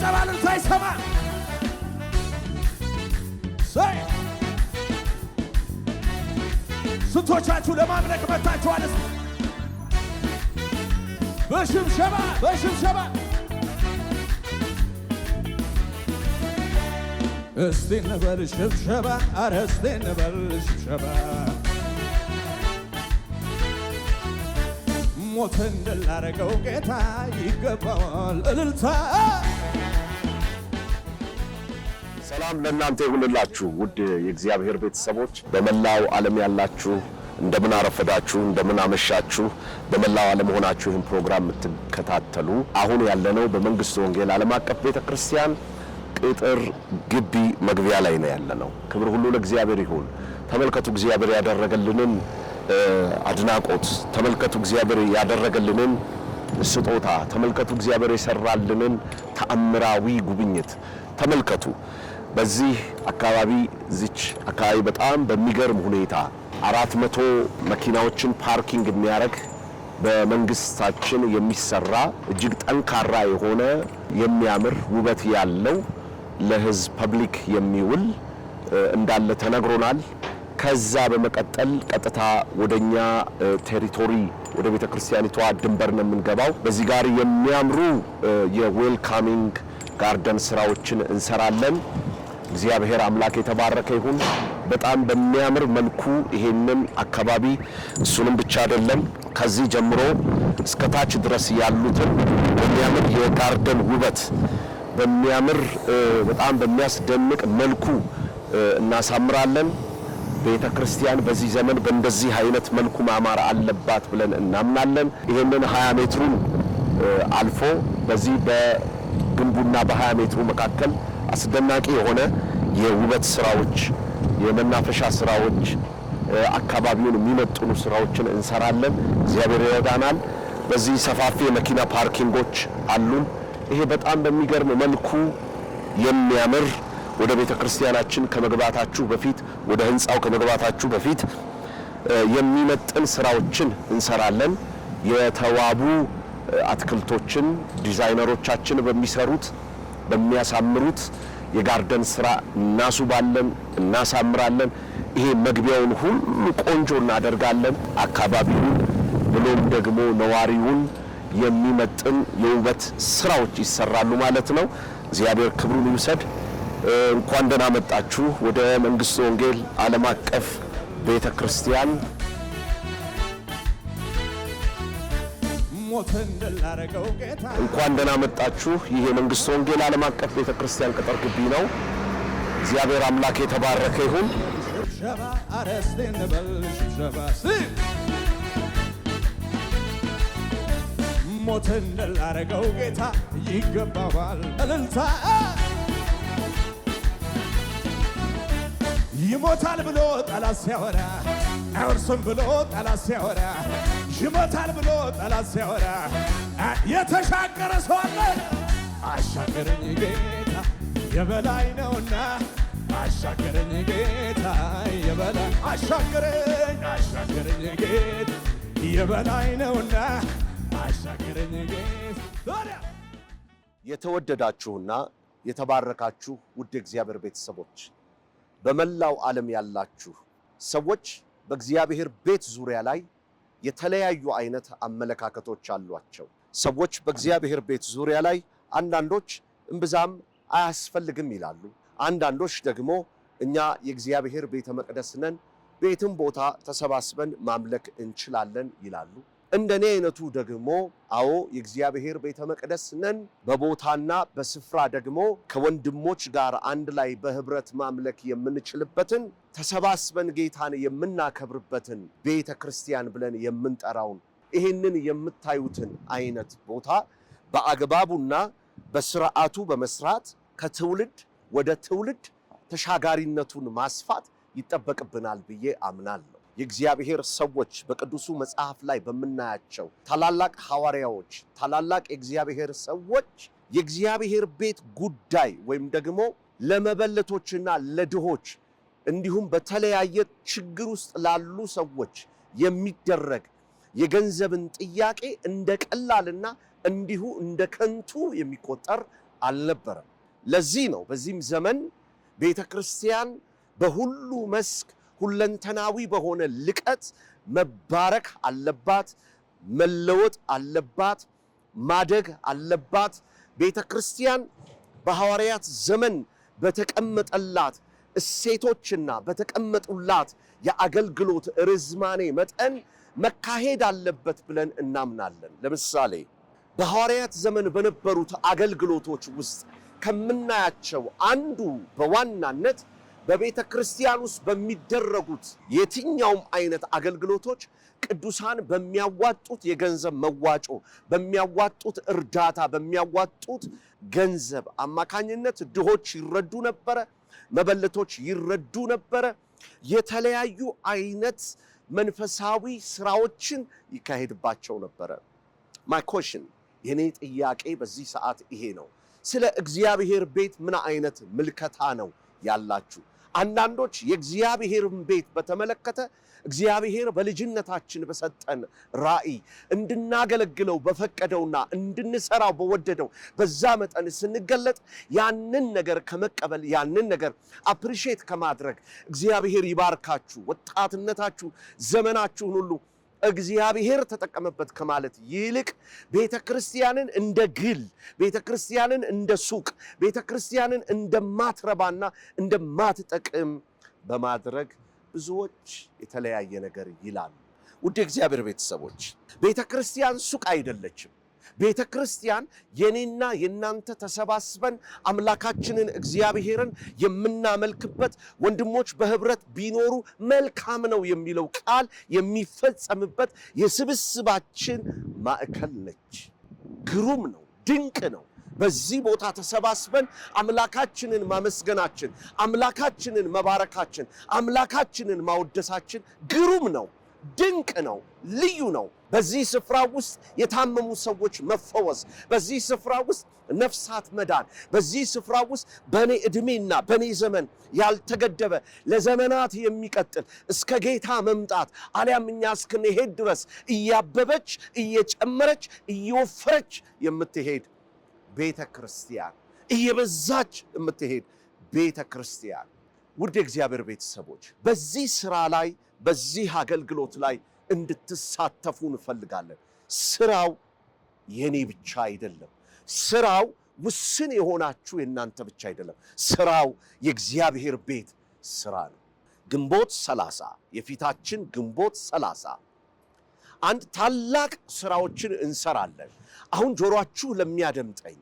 ጭብጨባልን ሳይሰማ ስንቶቻችሁ ለማምለክ መታችኋል? በሽብሸባ በሽብሸባ እስቲ እንበል ሽብሸባ፣ አረ እስቲ እንበል ሽብሸባ ሞት እንድላረገው ጌታ ይገባዋል እልልታ ሰላም ለእናንተ ይሁንላችሁ ውድ የእግዚአብሔር ቤተሰቦች በመላው ዓለም ያላችሁ እንደምን አረፈዳችሁ፣ እንደምን አመሻችሁ። በመላው ዓለም ሆናችሁ ይህን ፕሮግራም የምትከታተሉ አሁን ያለነው በመንግስት ወንጌል ዓለም አቀፍ ቤተ ክርስቲያን ቅጥር ግቢ መግቢያ ላይ ነው ያለነው። ክብር ሁሉ ለእግዚአብሔር ይሁን። ተመልከቱ እግዚአብሔር ያደረገልንን አድናቆት፣ ተመልከቱ እግዚአብሔር ያደረገልንን ስጦታ፣ ተመልከቱ እግዚአብሔር የሰራልንን ተአምራዊ ጉብኝት ተመልከቱ። በዚህ አካባቢ እዚች አካባቢ በጣም በሚገርም ሁኔታ አራት መቶ መኪናዎችን ፓርኪንግ የሚያደርግ በመንግስታችን የሚሰራ እጅግ ጠንካራ የሆነ የሚያምር ውበት ያለው ለህዝብ ፐብሊክ የሚውል እንዳለ ተነግሮናል። ከዛ በመቀጠል ቀጥታ ወደኛ ቴሪቶሪ ወደ ቤተ ክርስቲያኒቷ ድንበር ነው የምንገባው። በዚህ ጋር የሚያምሩ የዌልካሚንግ ጋርደን ስራዎችን እንሰራለን። እግዚአብሔር አምላክ የተባረከ ይሁን። በጣም በሚያምር መልኩ ይሄንን አካባቢ እሱንም ብቻ አይደለም ከዚህ ጀምሮ እስከ ታች ድረስ ያሉትን በሚያምር የጋርደን ውበት በሚያምር በጣም በሚያስደንቅ መልኩ እናሳምራለን። ቤተ ክርስቲያን በዚህ ዘመን በእንደዚህ አይነት መልኩ ማማር አለባት ብለን እናምናለን። ይህንን 20 ሜትሩን አልፎ በዚህ በግንቡና በ20 ሜትሩ መካከል አስደናቂ የሆነ የውበት ስራዎች፣ የመናፈሻ ስራዎች፣ አካባቢውን የሚመጥኑ ስራዎችን እንሰራለን። እግዚአብሔር ይረዳናል። በዚህ ሰፋፊ የመኪና ፓርኪንጎች አሉን። ይሄ በጣም በሚገርም መልኩ የሚያምር ወደ ቤተ ክርስቲያናችን ከመግባታችሁ በፊት ወደ ህንፃው ከመግባታችሁ በፊት የሚመጥን ስራዎችን እንሰራለን። የተዋቡ አትክልቶችን ዲዛይነሮቻችን በሚሰሩት በሚያሳምሩት የጋርደን ስራ እናሱባለን፣ እናሳምራለን። ይሄ መግቢያውን ሁሉ ቆንጆ እናደርጋለን። አካባቢውን ብሎም ደግሞ ነዋሪውን የሚመጥን የውበት ስራዎች ይሰራሉ ማለት ነው። እግዚአብሔር ክብሩን ይውሰድ። እንኳን ደህና መጣችሁ ወደ መንግስት ወንጌል ዓለም አቀፍ ቤተ ክርስቲያን። እንኳን ደህና መጣችሁ። ይህ የመንግሥት ወንጌል ዓለም አቀፍ ቤተ ክርስቲያን ቅጥር ግቢ ነው። እግዚአብሔር አምላክ የተባረከ ይሁን። ሞትን ድል አደረገው ጌታ ይገባዋል እልልታ ይሞታል ብሎ ጠላት ሲያወራ አይወርስም ብሎ ጠላት ሲያወራ ይሞታል ብሎ ጠላት ሲያወራ የተሻገረ ሰው አለ። አሻገረኝ ጌታ የበላይ ነውና አሻገረኝ ጌታ የበላይ አሻገረኝ አሻገረኝ ጌታ የበላይ ነውና አሻገረኝ ጌታ። የተወደዳችሁና የተባረካችሁ ውድ የእግዚአብሔር ቤተሰቦች በመላው ዓለም ያላችሁ ሰዎች በእግዚአብሔር ቤት ዙሪያ ላይ የተለያዩ አይነት አመለካከቶች አሏቸው። ሰዎች በእግዚአብሔር ቤት ዙሪያ ላይ አንዳንዶች እምብዛም አያስፈልግም ይላሉ። አንዳንዶች ደግሞ እኛ የእግዚአብሔር ቤተ መቅደስ ነን፣ ቤትም ቦታ ተሰባስበን ማምለክ እንችላለን ይላሉ። እንደ እኔ አይነቱ ደግሞ አዎ የእግዚአብሔር ቤተ መቅደስ ነን። በቦታና በስፍራ ደግሞ ከወንድሞች ጋር አንድ ላይ በህብረት ማምለክ የምንችልበትን ተሰባስበን ጌታን የምናከብርበትን ቤተ ክርስቲያን ብለን የምንጠራውን ይህንን የምታዩትን አይነት ቦታ በአግባቡና በስርዓቱ በመስራት ከትውልድ ወደ ትውልድ ተሻጋሪነቱን ማስፋት ይጠበቅብናል ብዬ አምናል። የእግዚአብሔር ሰዎች በቅዱሱ መጽሐፍ ላይ በምናያቸው ታላላቅ ሐዋርያዎች፣ ታላላቅ የእግዚአብሔር ሰዎች የእግዚአብሔር ቤት ጉዳይ ወይም ደግሞ ለመበለቶችና ለድሆች እንዲሁም በተለያየ ችግር ውስጥ ላሉ ሰዎች የሚደረግ የገንዘብን ጥያቄ እንደ ቀላልና እንዲሁ እንደ ከንቱ የሚቆጠር አልነበረም። ለዚህ ነው በዚህም ዘመን ቤተ ክርስቲያን በሁሉ መስክ ሁለንተናዊ በሆነ ልቀት መባረክ አለባት፣ መለወጥ አለባት፣ ማደግ አለባት። ቤተ ክርስቲያን በሐዋርያት ዘመን በተቀመጠላት እሴቶችና በተቀመጡላት የአገልግሎት ርዝማኔ መጠን መካሄድ አለበት ብለን እናምናለን። ለምሳሌ በሐዋርያት ዘመን በነበሩት አገልግሎቶች ውስጥ ከምናያቸው አንዱ በዋናነት በቤተ ክርስቲያን ውስጥ በሚደረጉት የትኛውም አይነት አገልግሎቶች ቅዱሳን በሚያዋጡት የገንዘብ መዋጮ፣ በሚያዋጡት እርዳታ፣ በሚያዋጡት ገንዘብ አማካኝነት ድሆች ይረዱ ነበረ፣ መበለቶች ይረዱ ነበረ። የተለያዩ አይነት መንፈሳዊ ስራዎችን ይካሄድባቸው ነበረ። ማይ ኮሽን የኔ ጥያቄ በዚህ ሰዓት ይሄ ነው። ስለ እግዚአብሔር ቤት ምን አይነት ምልከታ ነው ያላችሁ? አንዳንዶች የእግዚአብሔርን ቤት በተመለከተ እግዚአብሔር በልጅነታችን በሰጠን ራእይ እንድናገለግለው በፈቀደውና እንድንሰራው በወደደው በዛ መጠን ስንገለጥ ያንን ነገር ከመቀበል ያንን ነገር አፕሪሼት ከማድረግ እግዚአብሔር ይባርካችሁ፣ ወጣትነታችሁ፣ ዘመናችሁን ሁሉ እግዚአብሔር ተጠቀመበት ከማለት ይልቅ ቤተ ክርስቲያንን እንደ ግል፣ ቤተ ክርስቲያንን እንደ ሱቅ፣ ቤተ ክርስቲያንን እንደማትረባና እንደማትጠቅም በማድረግ ብዙዎች የተለያየ ነገር ይላሉ። ውድ እግዚአብሔር ቤተሰቦች ቤተ ክርስቲያን ሱቅ አይደለችም። ቤተ ክርስቲያን የኔና የእናንተ ተሰባስበን አምላካችንን እግዚአብሔርን የምናመልክበት ወንድሞች በህብረት ቢኖሩ መልካም ነው የሚለው ቃል የሚፈጸምበት የስብስባችን ማዕከል ነች። ግሩም ነው፣ ድንቅ ነው። በዚህ ቦታ ተሰባስበን አምላካችንን ማመስገናችን፣ አምላካችንን መባረካችን፣ አምላካችንን ማወደሳችን ግሩም ነው። ድንቅ ነው፣ ልዩ ነው። በዚህ ስፍራ ውስጥ የታመሙ ሰዎች መፈወስ፣ በዚህ ስፍራ ውስጥ ነፍሳት መዳን፣ በዚህ ስፍራ ውስጥ በእኔ ዕድሜና በእኔ ዘመን ያልተገደበ ለዘመናት የሚቀጥል እስከ ጌታ መምጣት አሊያም እኛ እስክንሄድ ድረስ እያበበች እየጨመረች እየወፈረች የምትሄድ ቤተ ክርስቲያን፣ እየበዛች የምትሄድ ቤተ ክርስቲያን። ውድ የእግዚአብሔር ቤተሰቦች በዚህ ስራ ላይ በዚህ አገልግሎት ላይ እንድትሳተፉ እንፈልጋለን። ስራው የኔ ብቻ አይደለም። ስራው ውስን የሆናችሁ የእናንተ ብቻ አይደለም። ስራው የእግዚአብሔር ቤት ስራ ነው። ግንቦት ሰላሳ የፊታችን ግንቦት ሰላሳ አንድ ታላቅ ስራዎችን እንሰራለን። አሁን ጆሮአችሁ ለሚያደምጠኝ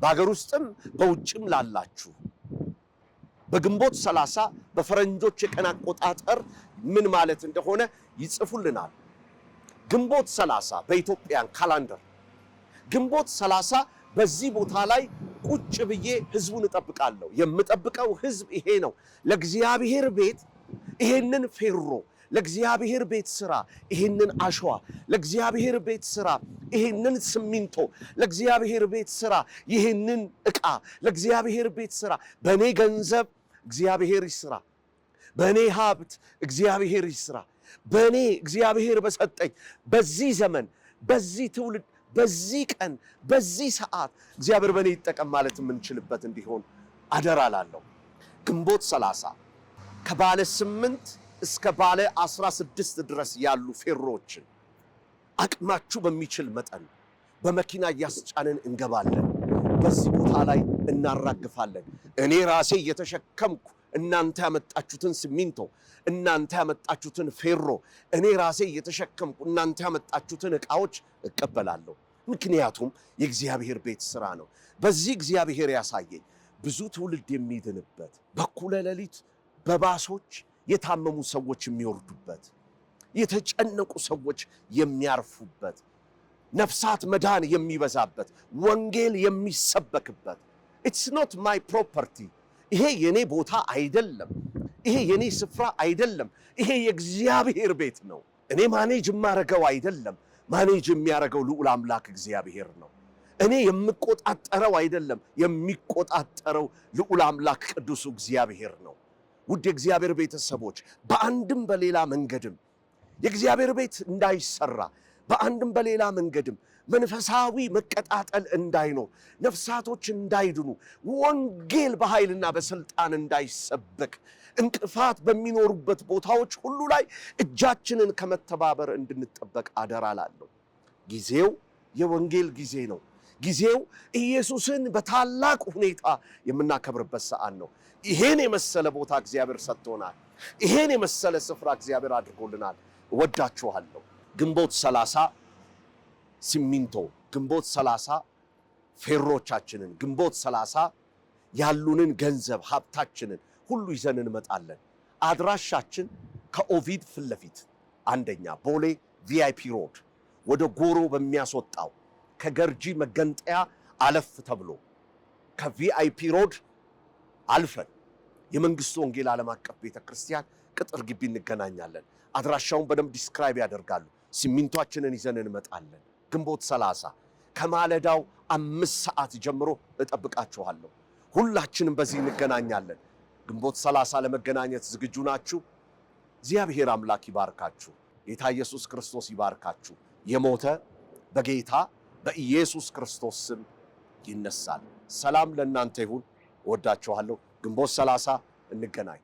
በሀገር ውስጥም በውጭም ላላችሁ በግንቦት 30 በፈረንጆች የቀን አቆጣጠር ምን ማለት እንደሆነ ይጽፉልናል። ግንቦት 30 በኢትዮጵያን ካላንደር ግንቦት 30 በዚህ ቦታ ላይ ቁጭ ብዬ ህዝቡን እጠብቃለሁ። የምጠብቀው ህዝብ ይሄ ነው። ለእግዚአብሔር ቤት ይሄንን ፌሮ ለእግዚአብሔር ቤት ስራ ይህንን አሸዋ፣ ለእግዚአብሔር ቤት ስራ ይህንን ስሚንቶ፣ ለእግዚአብሔር ቤት ስራ ይህንን ዕቃ፣ ለእግዚአብሔር ቤት ስራ በእኔ ገንዘብ እግዚአብሔር ይስራ፣ በእኔ ሀብት እግዚአብሔር ይስራ፣ በእኔ እግዚአብሔር በሰጠኝ በዚህ ዘመን በዚህ ትውልድ በዚህ ቀን በዚህ ሰዓት እግዚአብሔር በእኔ ይጠቀም ማለት የምንችልበት እንዲሆን አደራ ላለው ግንቦት 30 ከባለ ስምንት እስከ ባለ 16 ድረስ ያሉ ፌሮዎችን አቅማችሁ በሚችል መጠን በመኪና እያስጫንን እንገባለን። በዚህ ቦታ ላይ እናራግፋለን። እኔ ራሴ እየተሸከምኩ እናንተ ያመጣችሁትን ሲሚንቶ፣ እናንተ ያመጣችሁትን ፌሮ እኔ ራሴ እየተሸከምኩ እናንተ ያመጣችሁትን እቃዎች እቀበላለሁ። ምክንያቱም የእግዚአብሔር ቤት ስራ ነው። በዚህ እግዚአብሔር ያሳየኝ ብዙ ትውልድ የሚድንበት በኩለ ሌሊት በባሶች የታመሙ ሰዎች የሚወርዱበት፣ የተጨነቁ ሰዎች የሚያርፉበት፣ ነፍሳት መዳን የሚበዛበት፣ ወንጌል የሚሰበክበት ኢትስ ኖት ማይ ፕሮፐርቲ ይሄ የኔ ቦታ አይደለም። ይሄ የኔ ስፍራ አይደለም። ይሄ የእግዚአብሔር ቤት ነው። እኔ ማኔጅ የማደርገው አይደለም። ማኔጅ የሚያደርገው ልዑል አምላክ እግዚአብሔር ነው። እኔ የምቆጣጠረው አይደለም። የሚቆጣጠረው ልዑል አምላክ ቅዱሱ እግዚአብሔር ነው። ውድ የእግዚአብሔር ቤተሰቦች በአንድም በሌላ መንገድም የእግዚአብሔር ቤት እንዳይሰራ በአንድም በሌላ መንገድም መንፈሳዊ መቀጣጠል እንዳይኖር፣ ነፍሳቶች እንዳይድኑ፣ ወንጌል በኃይልና በስልጣን እንዳይሰበክ፣ እንቅፋት በሚኖሩበት ቦታዎች ሁሉ ላይ እጃችንን ከመተባበር እንድንጠበቅ አደራ ላለሁ። ጊዜው የወንጌል ጊዜ ነው። ጊዜው ኢየሱስን በታላቅ ሁኔታ የምናከብርበት ሰዓት ነው። ይሄን የመሰለ ቦታ እግዚአብሔር ሰጥቶናል። ይሄን የመሰለ ስፍራ እግዚአብሔር አድርጎልናል። እወዳችኋለሁ። ግንቦት ሰላሳ ሲሚንቶ፣ ግንቦት ሰላሳ ፌሮቻችንን፣ ግንቦት ሰላሳ ያሉንን ገንዘብ ሀብታችንን ሁሉ ይዘን እንመጣለን። አድራሻችን ከኦቪድ ፊት ለፊት አንደኛ ቦሌ ቪአይፒ ሮድ ወደ ጎሮ በሚያስወጣው ከገርጂ መገንጠያ አለፍ ተብሎ ከቪአይፒ ሮድ አልፈን የመንግስቱ ወንጌል ዓለም አቀፍ ቤተ ክርስቲያን ቅጥር ግቢ እንገናኛለን። አድራሻውን በደንብ ዲስክራይብ ያደርጋሉ። ሲሚንቷችንን ይዘን እንመጣለን። ግንቦት ሰላሳ ከማለዳው አምስት ሰዓት ጀምሮ እጠብቃችኋለሁ። ሁላችንም በዚህ እንገናኛለን። ግንቦት ሰላሳ ለመገናኘት ዝግጁ ናችሁ? እግዚአብሔር አምላክ ይባርካችሁ። ጌታ ኢየሱስ ክርስቶስ ይባርካችሁ። የሞተ በጌታ በኢየሱስ ክርስቶስ ስም ይነሳል። ሰላም ለእናንተ ይሁን። እወዳችኋለሁ። ግንቦት ሰላሳ እንገናኝ።